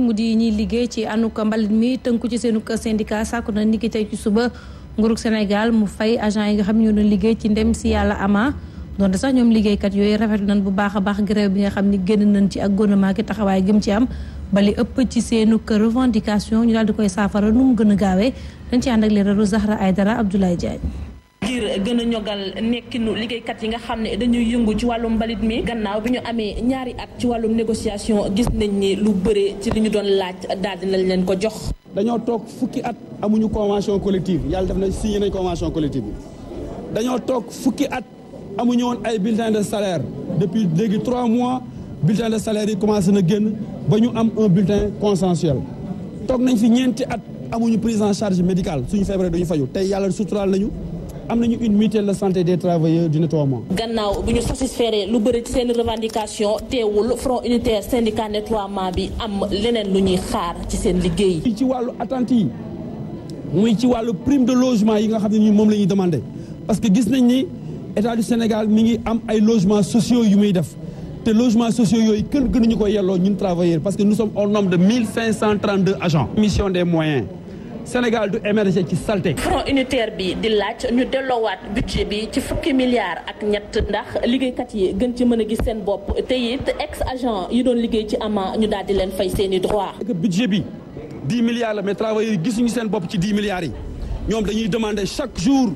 mu di ñiy liggéey ci anuk mbalit mi tënku ci kër syndicat sàkku na niki tey ci suba nguurug Sénégal mu fay agent yi nga xam ñoo doon liggéey ci ndem si yàlla ama donte sax ñoom liggéeykat yooyu rafet nañ bu baax a baax grève bi nga xam ni génn nañ ci ak gouvernement ki taxawaay gëm ci am bali ëpp ci seenu revendication ñu daal di koy saafara nu mu gën a gaawee dañ ci ànd ak leeralu Zahra Aydara Abdoulaye Diagne gën a ñogal nekkinu liggéeykat yi nga xam ne dañuy yëngu ci wàllum mbalit mi gannaaw bi ñu amee ñaari at ci wàllum négociation gis nañ ni lu bëre ci li ñu doon laaj daal dinañ leen ko jox. dañoo toog fukki at amuñu convention collective yàlla def na signé nañ convention collective bi dañoo toog fukki at amuñu woon ay bulletin de salaire depuis léegi trois mois bulletin de salaire yi commencé na génn ba ñu am un bulletin consensuel toog nañ fi ñeenti at amuñu prise en charge médicale suñu feebaree duñu faju tey yàlla suturaal nañu Amener une mutuelle de santé des travailleurs du nettoyement. gannaaw buñu ñu satisfaire lu beuri ci sen revendication téwul front unitaire syndicat Nettoyement bi am leneen luñuy xaar ci sen liggéey. ci walu attente yi muy ci walu prime de logement yi nga xamni demandé parce que gis nañ ni état du Sénégal mi ngi am ay logements sociaux yu muy def. te logements sociaux yooyu kenn gënuñu ko yelloo ñun travailleurs parce que nous sommes au nombre de 1532 agents. mission des moyens. Sénégal du émerger ci salté front unitaire bi di laaj ñu delloowaat budget bi ci fukki milliards ak ñett ndax liggéeykat yi gën ci mën a gis seen bopp te it ex agent yi doon liggéey ci ama ñu daal di leen fay seeni i droit budget bi 10 milliards la mais travailleurs yi gisuñu seen bopp ci 10 milliards yi ñoom dañuy demandé chaque jour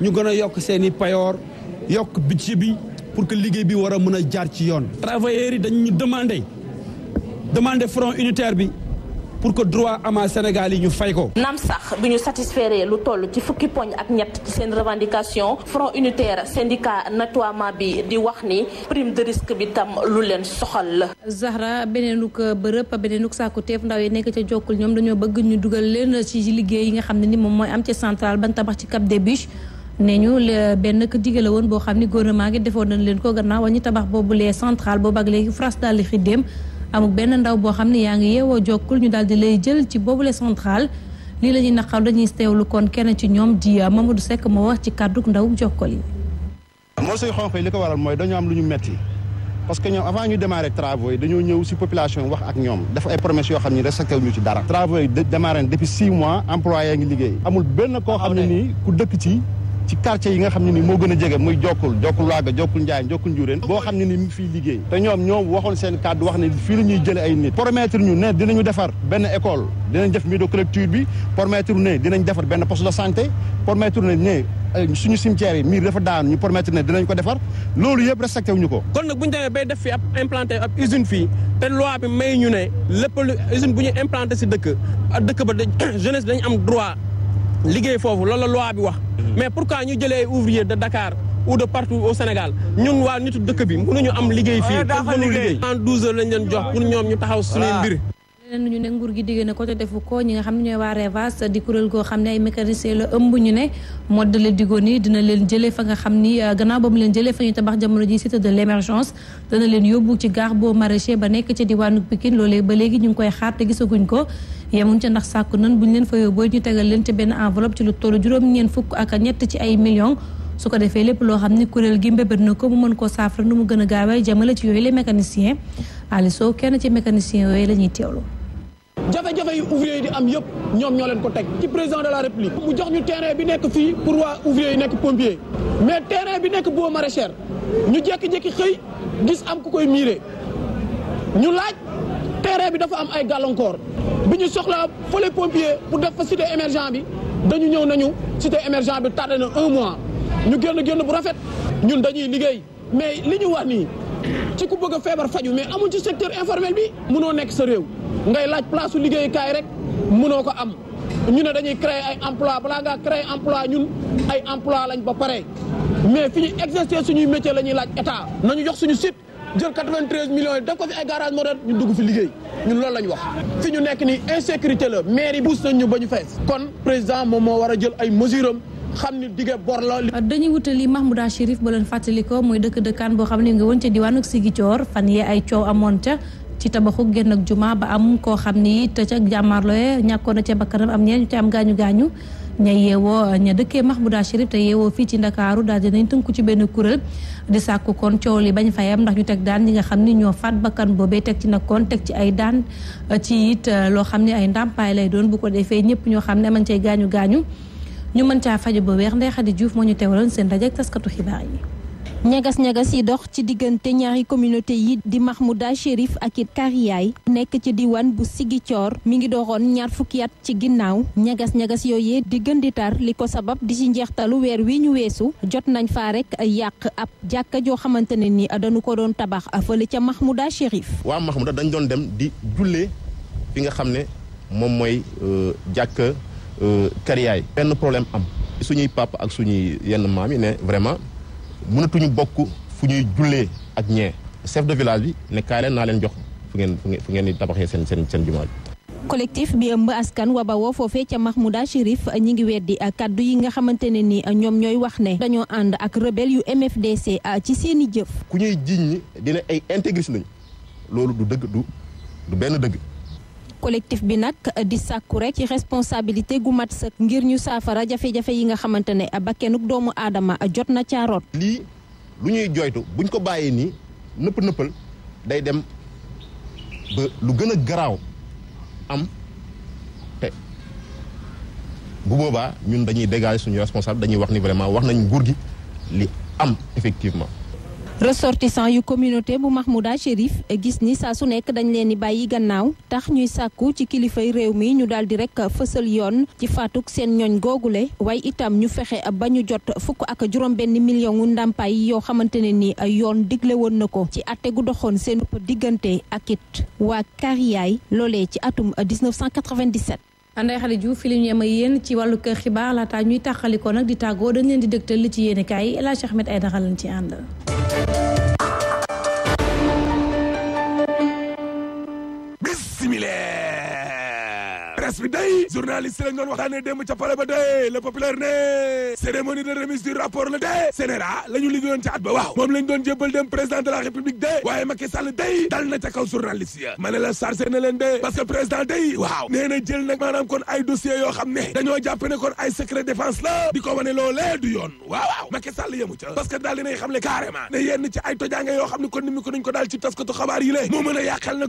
ñu gën a yokk seen i payoor yokk budget bi pour que liggéey bi war a mën a jaar ci yoon travailleurs yi dañu demandé demandé unitaire bi pour que droit ama Sénégal yi ñu fay ko. nam sax bi ñu satisfaire lu toll ci fukki poñ ak ñett ci seen revendication front unitaire syndicat nettoiement bi di wax ni prime de risque bi tam lu leen soxal la. Zahra beneenug bërëb beneenug saako teef ndaw yi nekk ca jokkul ñoom dañoo bëgg ñu dugal leen ci liggéey yi nga xam ne ni moom mooy am ci centrale ban tabax ci Cap des Biches. ne ñu benn digga la woon boo xam ni gouvernement gi defoon nañ leen ko gannaaw ñu tabax boobu lee central boobu léegi France daal amul benn ndaw boo xam ne yaa ngi yeewoo jokkul ñu daal di lay jël ci boobu boobule centrale lii la ñuy naqar dañuy teewlu kon kenn ci ñoom di euh, du sekk moo wax ci kàddu ndaw jokkal yi. moo suy xonq yi li ko waral mooy dañoo am lu ñu metti parce que ñoom avant ñu démarrer travaux yi dañoo ñëw si population wax ak ñoom def ay promesses yoo xam ne respecté wuñu ci dara. travaux yi démarré depuis 6 mois employé ngi liggéey. amul benn koo xam ne nii ku dëkk ci. ci quartier yi nga xam ne ni moo gën a jege muy jokkul jokkul waaga jokkul njaay jokkul njuréen boo xam ne ni mu fiy liggéey te ñoom ñoom waxoon seen kàddu wax ne fii la ñuy jële ay nit promettre ñu ne dinañu defar benn école dinañ def microculture bi promettre ne dinañ defar benn poste de santé promettre ne ne euh, suñu cimetière yi miir dafa daan ñu promettre ne dinañ ko defar loolu yëpp respecté ñu ko kon nag bu ñu demee bay def fi ab implanté ab usine fii te loi bi may ñu ne lépp lu bu ñu implanté si dëkk ak dëkk ba jeunesse dañ am droit liguez you loolu la loi mais pourquoi ñu jëlee ouvrier de Dakar ou de partout au Sénégal ñun waa nitu dëkk bi mënuñu am liggéey fii pour mënu liggéey en lañ jox pour ne nguur gi ko ko di Nous ay ñu ne de yemuñ ca ndax sàkk nan buñ leen fa yóbboo ñu tegal leen ci benn enveloppe ci lu tollu juróom-ñeent fukk ak ñett ci ay millions su ko defee lépp loo xam ni kuréel gi mbébét na ko mu mën koo saafara nu mu gën a gaawee jëmale ci yooyu les mécaniciens Aliou Sow kenn ci mécaniciens yooyu la ñuy teewlu. jafe-jafe yi ouvrier yi di am yëpp ñoom ñoo leen ko teg ci président de la république mu jox ñu terrain bi nekk fii pour waa ouvrier yi nekk pompier mais terrain bi nekk boo maraîchère ñu jékki-jékki xëy am ku koy miiree ñu laaj bi dafa am ay gàllankoor bi soxla soxlaa pompier pour def fa cité émergent bi dañu ñëw nañu cité émergent bi tardé na un mois ñu génn génn bu rafet ñun dañuy liggéey mais li ñu wax nii ci ku bëgg a feebar faju mais amuñ ci secteur informel bi mënoo nekk sa réew ngay laaj place su liggéeyukaay rek mënoo ko am ñu ne dañuy créer ay emploi balaa nga créer emploi ñun ay emploi lañ ba pare mais fi ñu exercer suñuy métier la ñuy laaj état nañu jox suñu site jël 93 millions yi def ko fi ay garage moderne ñu dugg fi liggéey ñun loolu la ñu wax fi ñu nekk ni insécurité la mairie buus nañ ñu ba ñu fees kon président moom moo war a jël ay mesures xam ni dige bor la. dañuy wutali max Mahmouda Chérif ba leen fàttali mooy muy dëkk dëkkaan boo xam ne nga woon ca diwaanu Sigicoor fan yee ay coow amoon ca ci tabaxu génn ak jumaa ba am koo xam ni te ca jàmmaarloo ñàkkoon na ca bakkanam am ñee ñu ca am gaañu gaañu. ña yeewoo ña dëkkee Mahmouda Chérif te yeewoo fii ci Ndakaaru daal dinañ tënku ci benn kuréel di sàkku kon coow li bañ fayam ndax ñu teg daan ñi nga xam ni ñoo faat bakkan boobee teg ci nag kon teg ci ay daan ci it eh, loo xam ne ay ndàmpaay lay doon bu ko defee ñëpp ñoo xam ne amañ cay gaañu gaañu ñu mën caa fajo ba weex Ndeye Khady Diouf moo ñu teewaloon seen rajo ak taskatu xibaar yi ñagas-ñagas yi dox ci digënté ñaari communauté yi di Mahmouda Chérif ak it nek nekk ci diwan bu Sigicoor mi ngi doxon ñaar fukki at ci ginnaw ñagas-ñagas yoyé di gën di tar liko sabab di ci njeextalu wër wi ñu wésu jot nañ fa rek yaq ab jàkka jo xamanteni ni dañu ko doon tabax afele ci Mahmouda Chérif wa Mahmouda dañ doon dem di jullee fi nga xamné mom moy mooy euh, jàkk euh, ben problème am suñuy papa ak suñuy yenn mam yi ne vraiment mënatuñu bokk fu ñuy jullee ak ñee chef de village bi ne kaay leen naa leen jox fu ngeen fu ngeen di tabaxee seen seen seen jumaa bi collectif bi ëmb askan wa bawoo foofee ca Mahmouda Chérif ñi ngi weddi kàddu yi nga xamante ne ni ñoom ñooy wax ne dañoo ànd ak rebelle yu MFDC ah, ci seen i jëf ku ñuy jiñ ñi dina ay intégriste lañu loolu du dëgg du du benn dëgg collectif bi nag euh, di sàkku rek ci responsabilité gu mat sëkk ngir ñu saafara jafe-jafe yi nga xamante ne euh, bakkenuk doomu aadama euh, jot na caaroot lii lu ñuy joytu buñ ko bàyyee nii nëpp nëppal day dem ba lu gën a garaaw am te bu boobaa ñun dañuy dégager suñu responsable dañuy wax ni vraiment wax nañu nguur gi li am effectivement ressortissant yu communauté bu Mahmouda Chérif gis ni saa su nekk dañ leen di bàyyi gannaaw tax ñuy sàkku ci kilifay réew mi ñu daal di rek fësal yoon ci faatuk seen ñooñ googule waaye itam ñu fexe ba ñu jot fukk ak juróom benn million wu ndàmpaay yoo xamante ne ni yoon digle woon na ko ci atte gu doxoon seen diggante ak it waa Kariyaay loolee ci atum 1997. Ndeye Khady Diouf fi li ñu yem ak yéen ci wàllu kër xibaar laataa ñuy tàqalikoo nag di tàggoo dañ leen di dëgtal li ci yéen i kaay El Hadj Ahmed Aïdara lañ ci ànd. day journaliste lañ doon waxtaanee démb ca pale ba day le populaire ne cérémonie de remise du rapport la dee sénéra la ñu liggéeyoon ca at ba waaw moom lañ doon jébbal la république waaye Macky Sall day dal na ca kaw ya ma la chargé na leen de parce président day waaw nee na jël nag maanaam kon ay dossiers yoo xam ne dañoo jàpp ne kon ay secret défense la di ko wane loolee du yoon waaw waaw Macky Sall yemu ca parce que ne ci ay tojaange yoo xam ne kon a yàqal na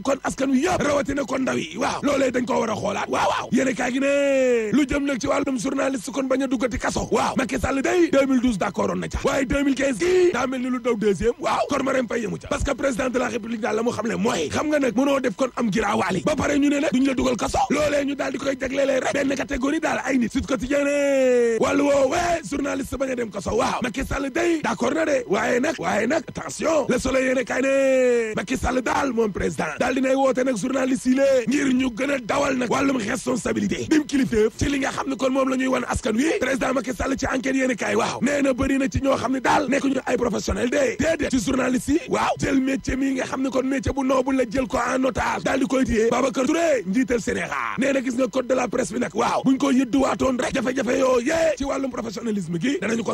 waaw yéene kaay gi ne lu jëm nag ci wàllum journaliste kon bañ a duggati kaso waaw Macky Sall day 2012 d'accord oon na ca waaye 2015 gi daa mel ni lu daw deuxième ca parce que président de la république daal la mu xam ne mooy xam nga nag mënoo def kon am giraawaali ba di koy na de waaye nag waaye nag attention le soleil yéene kaay ne Macky Sall daal moom président daal dinay woote nag journaliste yi lée ngir ñu gën a dawal nag wàllum xees responsabilité dim kilifteef ci li nga kon wan askan wi président Macky Sall ci enquête waaw na ci ñu ay professionnel ci journaliste waaw jël métier mi nga kon métier bu la jël ko en otage di koy Babacar Touré Sénégal gis nga code de la presse bi waaw buñ ko rek jafe-jafe ci professionnalisme gi ko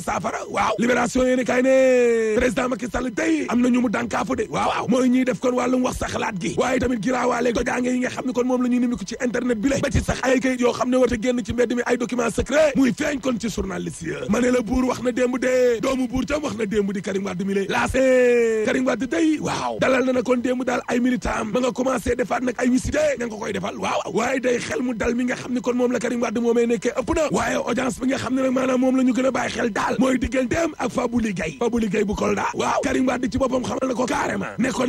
waaw libération ne président Macky Sall ñu mu de waaw def kon wax sa xalaat gi tamit yi nga kon nimiku ci internet bi sax ay kayit yoo xam ne war a génn ci mbedd mi ay document secret muy feeñ kon ci journaliste yi ma ne la buur wax na demb dee doomu buur tam wax na démb di Karim Wade mi lay laasé e Karim Wade day waaw dalal na na kon démb daal ay militant ma nga commencé defaat nag ay visite ña ko koy defal waaw waaye day xel mu dal mi nga xam ne kon moom la Karim Wade moomee nekkee ëpp na waaye audience bi nga xam ne nag maanaam moom la ñu gën a bàyyi xel daal mooy digganteem ak Fabouli Gaye Fabouli Gaye bu Kolda waaw Karim Wade ci boppam na ko carrément ne ko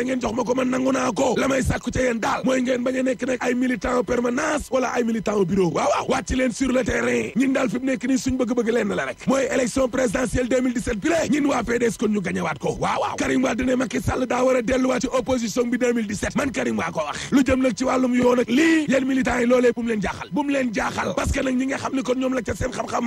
ngeen jox ma ko man nangu naa ko la may sàkku ca yéen daal Sénégal mooy ngeen bañ a nekk nag ay permanence wala ay militant bureau waaw waaw wàcc leen sur le terrain ñun daal fi mu nekk nii suñ bëgg-bëgg leen la rek mooy élection présidentielle 2017 bi la ñun waa PDS kon ñu gañewaat ko waaw Karim Wade ne Macky Sall daa war a delluwaat ci opposition bi 2017 man Karim waa ko wax lu jëm nag ci wàllum yoon ak lii yéen militants yi loolee bu mu leen jaaxal bu mu leen jaaxal parce que nag ñi nga xam ne kon ñoom la ca seen xam-xam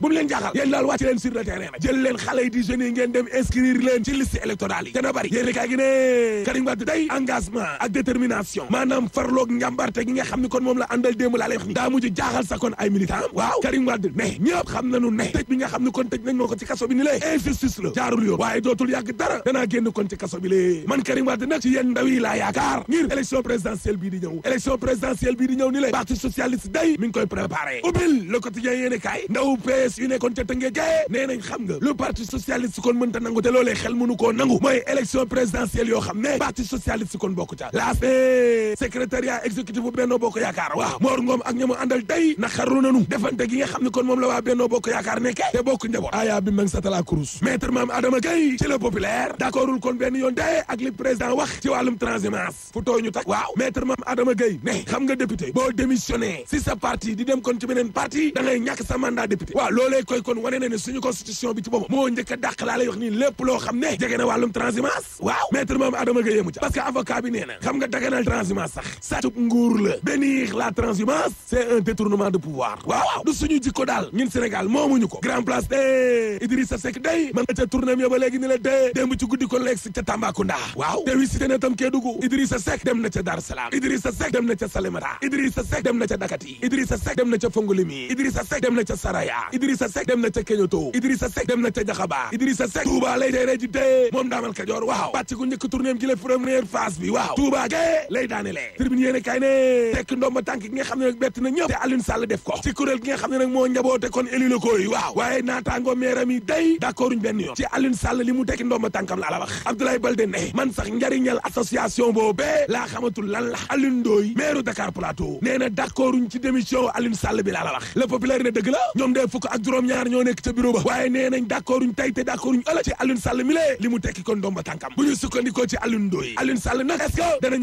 bu mu sur le terrain jël di ngeen dem inscrire leen ci liste électorale yi dana bari yéen rek gi ne Karim Wade day engagement ak détermination ambition maanaam farloog njàmbarte gi nga ni kon moom la àndal démb laa lay wax ni daa mujj jaaxal sa kon ay militant waaw Karim Wade ne ñëpp xam nañu ne bi nga ni kon tëj nañ moo ko ci kaso la jaarul yoon waaye dootul yàgg dara danaa génn kon ci kaso bi man Karim Wade nag ci yéen ndaw yi yaakaar ngir élection présidentielle bii di ñëw élection présidentielle bii di ñëw ni lée parti socialiste day mi koy préparé ubbil le quotidien yéene kaay ndaw secrétariat exécutif bu Benno Bokk Yaakaar waaw Mor Ngom ak ñamu àndal tey naqarlu nanu defante gi nga xam ne kon moom la waa Benno Bokk Yaakaar nekke te bokk njaboot aaya bi mang satala Cruz maître maam Adama Gueye ci le populaire d'accordul kon benn yoon tey ak li président wax ci wàllum transhumance fu tooy ñu waaw maître maam Adama Gueye ne xam nga député boo démissionné si sa parti di dem kon ci beneen parti da ngay sa mandat député waaw a transhumance sax sàccub nguur la bénir la transhumance c'est un détournement de pouvoir waaw du suñu jikko daal ñun Sénégal moomuñu ko grand place de eh, Idrissa Seck day man nga ca tournéem yo ba la dee démb ci guddi ko leegsi ca Tambacounda waaw te wisité na tam Kédougou Idrissa Seck dem na ca Dar Salaam Idrissa Seck dem na ca Salémata Idrissa Seck dem a ca Dakati Idrissa Seck dem na ca Fongolimi Idrissa Seck dem na dem na ca Keñoto Idrissa Seck dem na ca Jaxaba Idrissa Seck Touba lay dee ji dee lay daanelee tribune yéen kay ne tekk ndomba tànk gi nga xam ne nag bett na ñëpp te Alioune Sall def ko ci kuréel gi nga xam ne nag moo njaboote kon élu la kooy waaw waaye naataango meeram yi day d'accorduñ benn yoon ci Alioune Sall li mu tekki ndomba tànkam la la wax Abdoulaye Baldé ne man sax njariñal association boobee laa xamatul lan la Alioune Ndoye maire Dakar Plateau nee na d'accorduñ ci démission Alioune Sall bi la la wax le populaire ne dëgg la ñoom ñaar ñoo nekk ca bureau ba waaye nee nañ d'accorduñ tey te d'accorduñ ëllëg ci Alioune Sall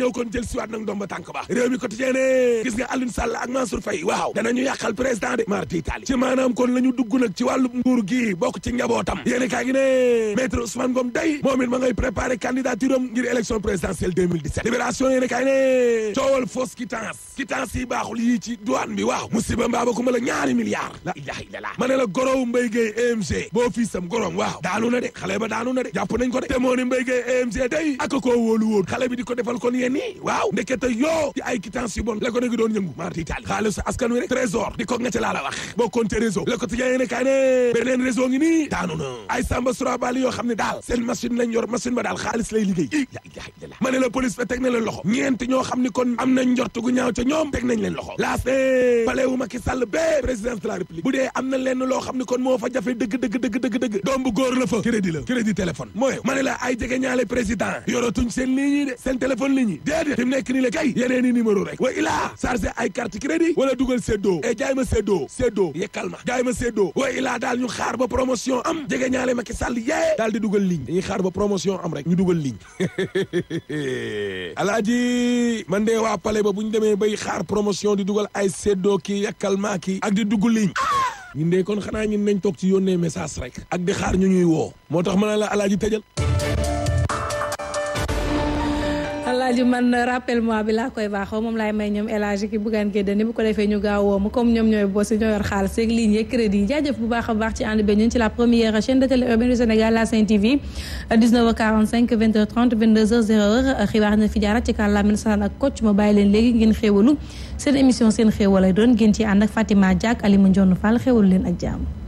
kon del wat nak ndomba tank ba rew mi quotidien ne gis nga aline Sall ak Mansour Faye waaw nañu yakal président de mardi d'Italie ci manam kon lañu dugg nak ci walu nguur gi bok ci njabotam yene ka gi ne maître Ousmane Ngom day momit ma ngay préparer candidature ngir élection présidentielle 2017 libération yéene kaa ngi ne coowal fausse quittance quittance yi baxul yi ci douane bi waaw musiba mbaba kuma la ñaari milliards la ilaha illallah ma ne la gorow mbey gay e amg bo fi sam gorom waaw daanu na de xalé ba daanu na de japp nañ ko de te moo ni Mbaye e day ak ko wolu wóolu xalé bi di ko defal kon yene waaw ndekete yoo ci ay quittance yu bon la ko ne gi doon yëngu marti taali xaalisu askan wi rek trésor di ko nga ca laa wax bokkoon ca réseau le quotidien ne kaa ne beneen réseau ngi nii daanu ay samba surabali yoo xam ne daal seen machine lañ yor machine ba daal xaalis lay liggéey ma ne la police ba teg na leen loxo ñeent ñoo xam ni kon am nañ njort gu ñaaw ca ñoom teg nañ leen loxo laas ne palewu Macky Sall ba présidence de la république bu dee am na lenn loo xam ni kon moo fa jafe dëgg dëgg dëgg dëgg dëgg doom bu góor la fa crédit la crédit téléphone mooy ma ne la ay jege ñaale président yoratuñ seen ligne fi mu nekk nii la kay yeneen i numéro rek wa ilaa chargé ay carte crédit wala dugal séddoo e eh, jaay ma séddoo séddoo yekkal ma jaay ma séddoo wa ilaa daal ñu xaar ba promotion am jege ñaale Macky Sall yee daal di dugal ligne dañuy xaar ba promotion am rek ñu dugal ligne alaaji man de waa pale ba bu ñu demee bay xaar promotion di dugal ay séddoo kii yekkal maa kii ak di dugg ligne ah! ñun de kon xanaa ñun nañ toog ci yónnee message rek ak di xaar ñu ñuy woo moo tax ma ne la alaaji alaaji man rappel moi bi laa koy baaxoo moom laay may ñoom élage ki buggaan gédda ni bu ko defee ñu gaaw woomu comme ñoom ñooy bossi ñoo yor xaalis ak ligne yi crédit yi jaajëf bu a baax ci la première TV 19 h na fi jaarat ci kàllaama nasaraan ak coach ma bàyyi leen léegi ngeen xéewalu seen émission seen xéewal lay doon ngeen ci ànd ak Fatima Diak Alima Ndion Fall xéewalu leen ak jàmm